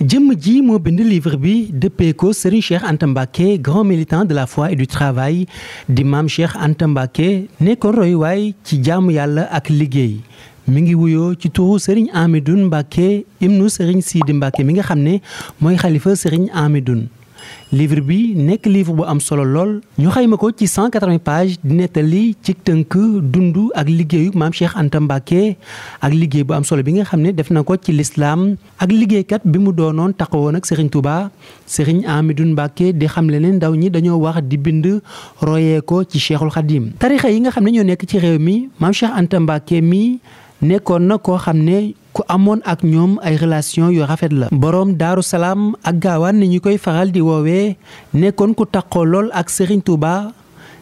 jëmm ji moo bind livre bi dëppee ko Serigne Cheikh Anta Mbacké grand militant de la fois et du travail di maam Cheikh Anta Mbacké nekkoon royuwaay ci jàmm yàlla ak liggéey mu ngi wuyoo ci turu Serigne Amidoune Mbacké ibnu Serigne Sidi Mbacké mi nga xam ne mooy xalifa Serigne Amidoune livre bi nekk livre bu am solo lool ñu xayma ko ci 180 pages di nettali ci tënk dund ak liggéeyu maam Cheikh Anta Mbacké ak liggéey bu am solo bi nga xam ne def na ko ci lislaam ak liggéeykat bi mu doonoon woon ak Serigne Touba Serigne Amidou Mbacké di xam le ne ndaw ñi dañoo wax di bind royee ko ci Cheikhul Khadim tarixa yi nga xam ne ñoo nekk ci reew mi maam Cheikh Anta Mbacké mi nekkoon na koo xam ne ku amoon ak ñoom ay relation yu rafet la boroom daaru salaam ak gaawaan nañu koy faral di woowee nekkoon ku taqoo lool ak Serigne Touba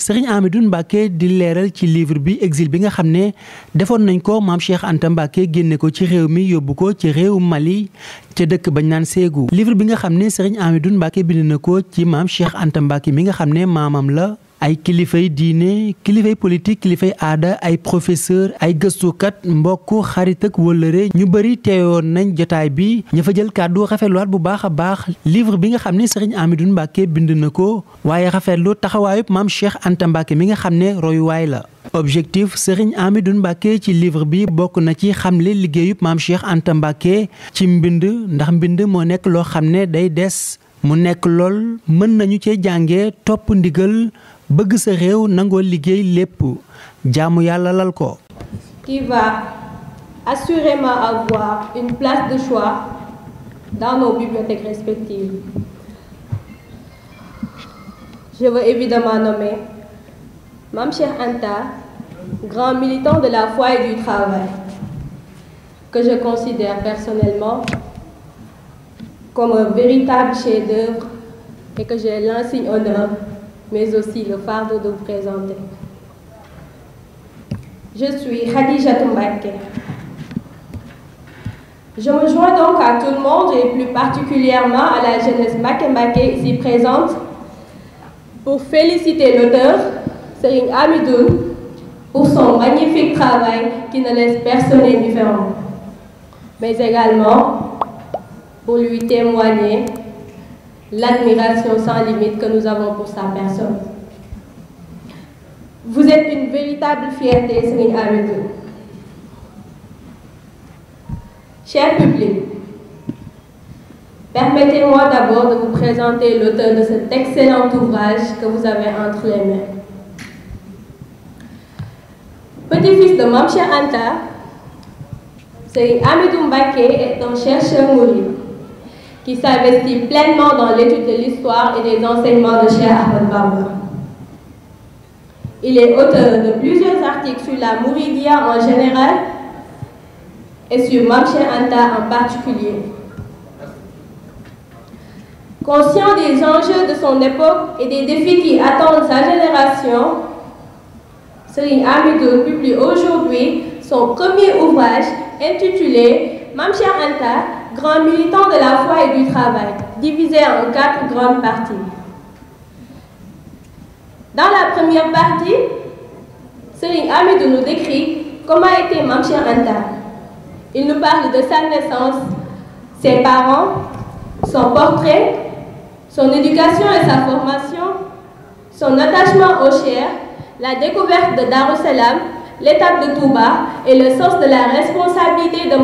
Serigne Amidou Mbacke di leeral ci livre bi exil bi nga xam ne defoon nañ ko maam Cheikh Anta génne ko ci réew mi yóbbu ko ci réew Mali ca dëkk bañ naan Ségou livre bi nga xam ne Serigne Amidou Mbacke bind na ko ci maam Cheikh Anta Mbacke mi nga xam ne maamam la ay kilifay diine kilifay politique kilifay aada ay professeur ay gëstukat mbokk xarit ak wëllëre ñu bëri teewoon nañ jotaay bi ña fa jël kàddu rafetluwaat bu baax a baax livre bi nga xam ne Serigne Amidou Mbacke bind na ko waaye rafetlu taxawaayub maam Cheikh Anta mi nga xam ne royuwaay la. objectif Serigne Amidou Mbacke ci livre bi bokk na ci xam xamle liggéeyub maam Cheikh Anta ci mbind ndax mbind moo nekk loo xam ne day des mu nekk lool mën nañu cee jàngee topp bëgg sa réew nangoo liggéey lépp jaamu yàlla lal ko. qui va assurément avoir une place de choix dans nos bibliothèques respectives. Je veux évidemment nommer Mame Cheikh Anta, grand militant de la foi et du travail, que je considère personnellement comme un véritable chef-d'œuvre et que j'ai l'insigne honneur mais aussi le fardeau de vous présenter. Je suis Khadija Toumbake. Je me joins donc à tout le monde et plus particulièrement à la jeunesse Makembake ici présente pour féliciter l'auteur, Serine Amidoun, pour son magnifique travail qui ne laisse personne indifférent, mais également pour lui témoigner l'admiration sans limite que nous avons pour sa personne. Vous êtes une véritable fierté, Serigne Hamidou. Cher public, permettez-moi d'abord de vous présenter l'auteur de cet excellent ouvrage que vous avez entre les Petit-fils de Mame Cheikh Anta, Serigne Hamidou Mbacké est un qui s'investit pleinement dans l'étude de l'histoire et des enseignements de Cheikh Ahmed Bamba. Il est auteur de plusieurs articles sur la Mouridia en général et sur Mamche Anta en particulier. Conscient des enjeux de son époque et des défis qui attendent sa génération, Serigne Amidou publie aujourd'hui son premier ouvrage intitulé Mamche Anta grand militant de la foi et du travail, divisé en quatre grandes parties. Dans la première partie, Serigne Hamidou nous décrit comment était Mame Cheikh Anta. Il nous parle de sa naissance, ses parents, son portrait, son éducation et sa formation, son attachement au la découverte de Darussalam, l'étape de Touba et le sens de la responsabilité de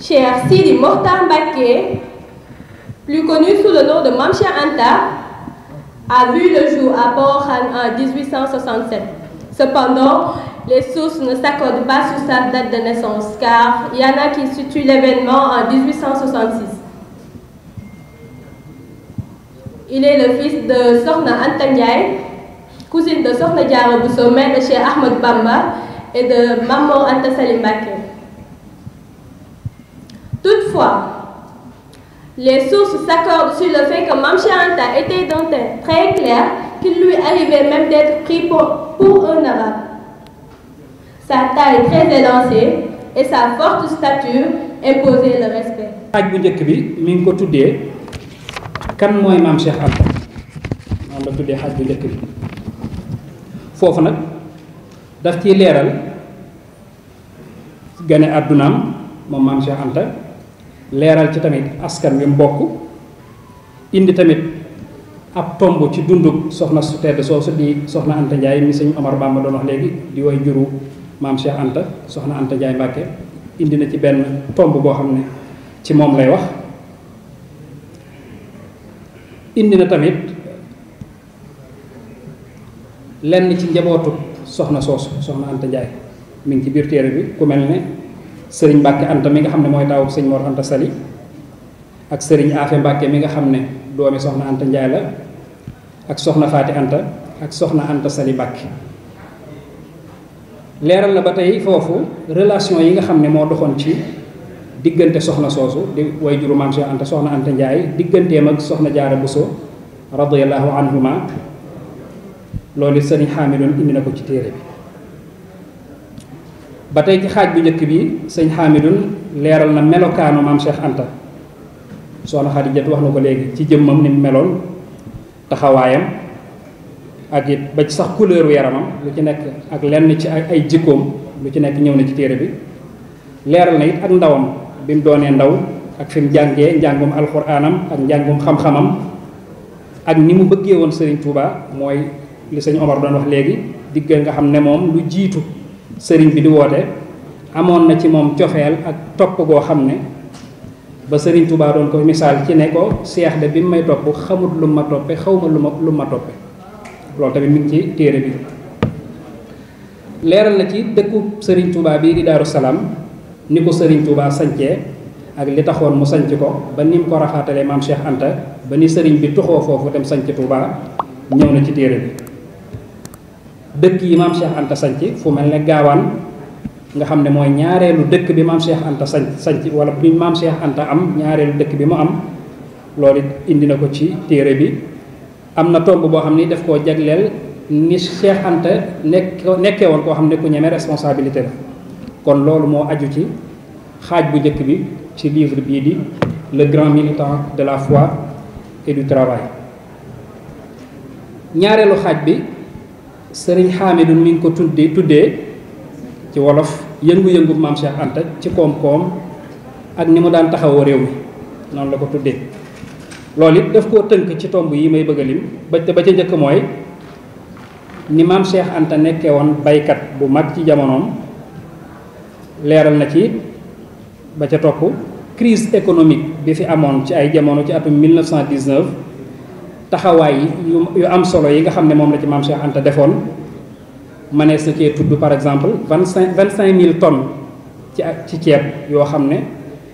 Cheikh Sidi Mokhtar Mbacké, plus connu sous le nom de Mame Anta, a vu le jour à Porokhane en 1867. Cependant, les sources ne s'accordent pas sur sa date de naissance, car il a qui situent l'événement en Il est le fils de Sokhna Anta Ndiaye, cousine de Sokhna Diarra Bousso, mère de Cheikh Ahmed Bamba et de Mame Anta Saly Toutefois, les sources s'accordent sur le fait que Mamshianta était d'un Sa taille très élancée et sa forte stature imposaient le respect. xaaj bu njëkk bi mi ngi ko tuddee kan mooy maam Cheikh Anta moom la tuddee xaaj bu njëkk bi foofu nag daf ci leeral gane àddunaam moom maam Cheikh Anta. leeral ci tamit askan wi mbokk indi tamit ab tomb ci dundug soxna su tedd soosu di soxna Anta Ndiaye mi sëñ Omar Bamba doon wax léegi di way juru maam Cheikh Anta soxna Anta Ndiaye Mbàkke indi na ci benn tomb boo xam ne ci moom lay wax indi na tamit lenn ci njabootu soxna soosu soxna Anta Ndiaye mi ci biir téere bi ku mel ne sëriñ Mbàkke Anta mi nga xam ne mooy taawu sëñ Mor Anta Sali ak sëriñ Afe Mbàkke mi nga xam ne doomi soxna Anta Njaay la ak soxna Faati Anta ak soxna Anta Sali Mbàkke leeral na ba tey foofu relation yi nga xam ne moo doxoon ci diggante soxna soosu di way juru maam Cheikh Anta soxna Anta Njaay digganteem ak soxna Jaara Buso radiyallahu anhuma loolu sëriñ Xaamidun indi na ko ci téere bi ba tey ci xaaj bu njëkk bi sëñ Xaamidun leeral na melokaanu maam Cheikh Anta soxna Xadijatu wax na ko léegi ci jëmmam ni meloon taxawaayam ak it ba ci sax couleur yaramam lu ci nekk ak lenn ci ay jikkoom lu ci nekk ñëw na ci téere bi leeral na it ak ndawam bi mu doonee ndaw ak fi jàngee njàngum alxuraanam ak njàngum xam-xamam ak ni mu bëggee woon Serigne Touba mooy li sëñ Omar doon wax léegi diggal nga xam ne moom lu jiitu. sëriñ bi di woote amoon na ci moom cofeel ak topp goo xam ne ba sëriñ Touba doon ko misaal ci ne ko seex de bi mu may topp xamut lu ma toppe xawma lu ma lu ma toppe loolu tamit mi ngi ci téere bi leeral na ci dëkku sëriñ Touba bii di Salaam ni ko sëriñ Touba sancee ak li taxoon mu sanc ko ba ni mu ko raxaatalee maam Cheikh Anta ba ni sëriñ bi tuxoo foofu dem sanc Touba ñëw na ci téere bi dëkk yi maam Cheikh Anta sanc fu mel ne gaawaan nga xam ne mooy ñaareelu dëkk bi maam Cheikh Anta sanc sanc wala bi maam Cheikh Anta am ñaareelu dëkk bi mu am loolu indi na ko ci téere bi am na tomb boo xam ni daf koo jagleel ni Cheikh Anta nekkee woon koo xam ne ku ñeme responsabilité la kon loolu moo aju ci xaaj bu njëkk bi ci livre bii di le grand militant de la fois et du travail ñaareelu xaaj bi sëriñ Xaamidu mi ngi ko tuddi tuddee ci wolof yëngu-yëngu maam Cheikh Anta ci koom-koom ak ni mu daan taxawoo réew mi noonu la ko tuddee loolu it daf koo tënk ci tomb yi may bëgg a lim ba ba ca jëkk mooy ni maam Cheikh Anta nekkee woon baykat bu mag ci jamonoom leeral na ci ba ca topp crise economique bi fi amoon ci ay jamono ci atum 1919 taxawaay yi yu am solo yi nga xam ne moom la ci maam Cheikh Anta defoon mënees na cee tudd par exemple vingt cinq vingt cinq mille tonnes ci ak ci ceeb yoo xam ne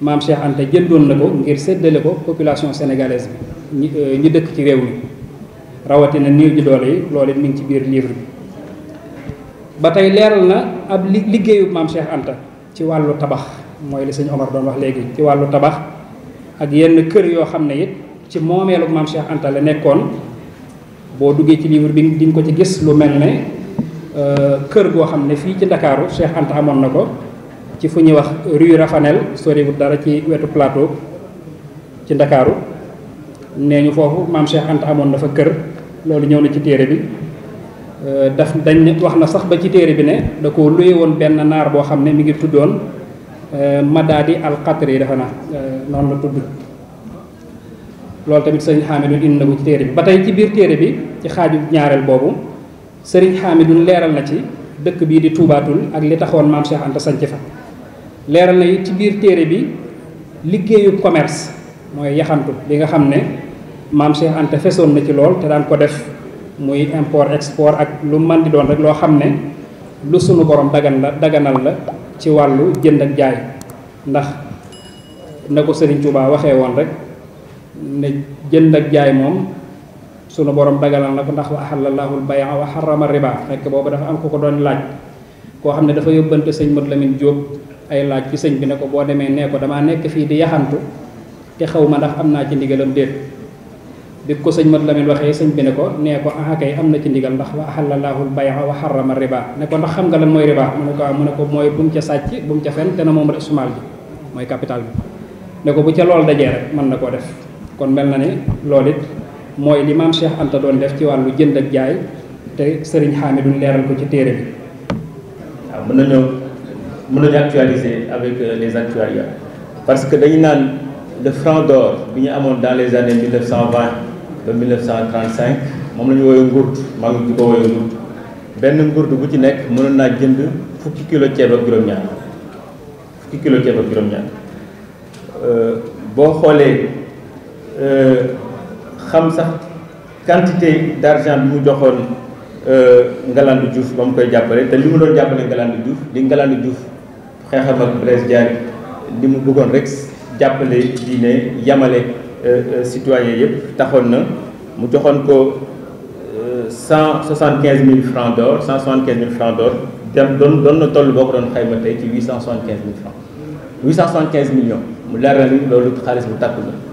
maam Cheikh Anta jëndoon na ko ngir séddale ko population sénégalaise bi euh, ñi dëkk ci réew mi rawatina néew ji doole yi loolu it mi ngi ci biir livre bi ba tey leeral na ab li liggéeyu maam Cheikh Anta ci wàllu tabax mooy li sëñ Omar doon wax léegi ci wàllu tabax ak yenn kër yoo xam ne it ci moomeelu maam Cheikh Anta la nekkoon boo duggee ci livre bi di ko ci gis lu mel ne euh, kër goo xam ne fii ci ndakaaru Cheikh Anta amoon na ko ci fu ñuy wax rue Rafanel soriwul dara ci wetu plateau ci ndakaaru nee ñu foofu maam Cheikh Anta amoon dafa kër loolu ñëw na ci téere bi euh, daf dañ wax na sax ba ci téere bi ne da ko luye woon benn naar boo xam ne mi ngi tuddoon madaa euh, Madadi al Qatri dafa na noonu la tudd loolu tamit sëriñ Xaamidun indi na ko ci téere bi ba tey ci biir téere bi ci xaaju ñaareel boobu sëriñ Xaamidun leeral na ci dëkk bii di tuubaatul ak li taxoon maam Cheikh Anta sanc fa leeral na it ci biir téere bi liggéeyu commerce mooy yaxantu bi nga xam ne maam Cheikh fesoon na ci lool te daan ko def muy import export ak lu man di doon rek loo xam ne lu sunu borom dagan la daganal la ci wàllu jënd ak jaay ndax na ko sëriñ Tuubaa waxe woon rek ne jënd ak jaay moom sunu borom dagalal la ko ndax wa ahallallahu al-bay'a wa harrama riba fekk boobu dafa am ku ko doon laaj koo xam ne dafa yóbbante sëñ Modou Lamine Diop ay laaj ci sëñ bi ne ko boo demee nee ko damaa nekk fii di yaxantu te xaw ma ndax am naa ci ndigalam déet ko sëñ Modou Lamine waxee sëñ bi ne ko nee ko am na ci ndigal ndax wa ahallallahu al-bay'a wa harrama riba ne ko ndax xam nga lan mooy riba mu ne ko mu ne ko mooy bum ca sàcc bu mu ca fen te na moom rek sumaal bi mooy capital bi ne ko bu ca lool dajee rek mën na koo def kon mel na ne loolu it mooy li maam Cheikh Anta doon def ci wàllu jënd ak jaay te sëriñ Hamidou leeral ko ci téere bi. waaw mën nañoo mën nañu actualiser avec euh, les actuariats parce que dañu naan le franc d'or bi ñu amoon dans les années 1920 ba 1935 moom la ñu woowee ngurt maa ngi ko woowee ngurt benn ngurt bu ci nekk mënoon naa jënd fukki kilo ceeb ak juróom-ñaar fukki kilo ceeb ak juróom-ñaar euh, boo xoolee. Euh, xam sax quantité d'argent bi mu joxoon euh, Ngalandou Diouf ba mu koy jàppale te li mu doon jàppale Ngalandou Diouf li Ngalandou Diouf xeexam ak Blaise Diagne li mu bëggoon rek jàppale diine yamale euh, citoyen yëpp taxoon na mu joxoon ko cent soixante quinze mille francs d'or cent soixante quinze mille francs d'or dem doon doon na toll boo ko doon xayma tey ci cent soixante quinze mille francs million mu leer na loolu xaalis bu tàkku la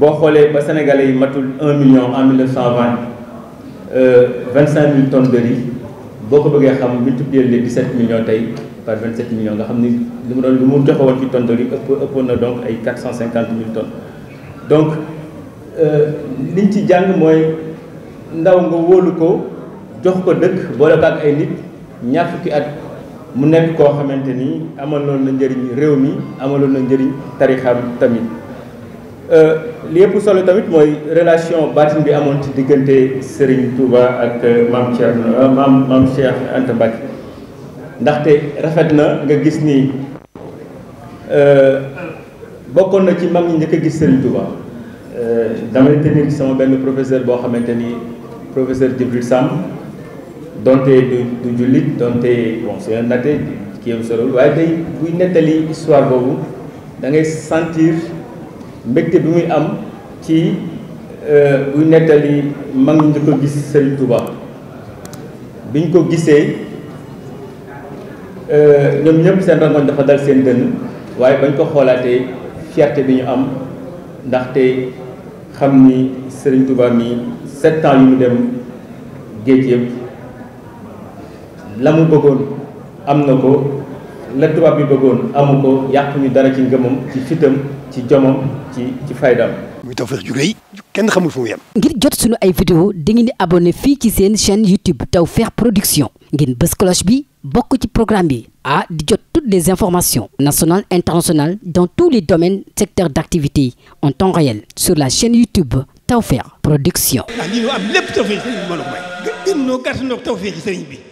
boo xoolee ba sénégalais yi matul un million cent 1920 25 euh, mille tonnes de riz boo ko bëggee xam multiplier les 17 millions tey par 27 millions nga xam ni li mu doon lu mu joxe woon ci tonnes de riz ëpp ëppoon na donc ay 450 mille tonnes donc euh, liñ ci jàng mooy ndaw nga wóolu ko jox ko dëkk boole ko ak ay nit ñaar ki at mu nekk koo xamante ni amaloon na njëriñ réew mi amaloon na njëriñ tarixam tamit. Euh, li yëpp solo tamit mooy relation baatin bi amoon ci diggante Serigne Touba ak euh, maam Thierno maam euh, maam Cheikh Anta Mbacke ndaxte rafet na nga gis ni bokkoon na ci mag ñi njëkk a gis Serigne Touba. damay tenir sama benn professeur boo xamante ni professeur Djibril Sam donte du du jullit donte bon c'est un athée kii am solo waaye day buy nettali histoire boobu da ngay mbégte bi muy am ci euh, buy nettali mag ñi ko gis Serigne Touba biñ ko gisee euh, ñoom ñëpp seen rangoñ dafa dal seen dënn waaye bañ ko xoolaatee fierté bi ñu am ndaxte xam ni Serigne Touba mi sept ans yu mu dem géej yëpp la mu bëggoon am na ko la tubaab bi bëggoon amu ko yàq ñu dara ci ngëmam ci fitam ci jomam ci ci muy Tawfekh ju kenn xamul fu mu ngir jot sunu ay vidéo dangeen di abonné fii ci seen chaîne YouTube Tawfekh Production ngeen bës cloche bi bokk ci programme bi ah di jot toutes des informations nationales internationales dans tous les domaines secteurs d'activité en temps réel sur la chaîne YouTube Tawfekh Production. Ah,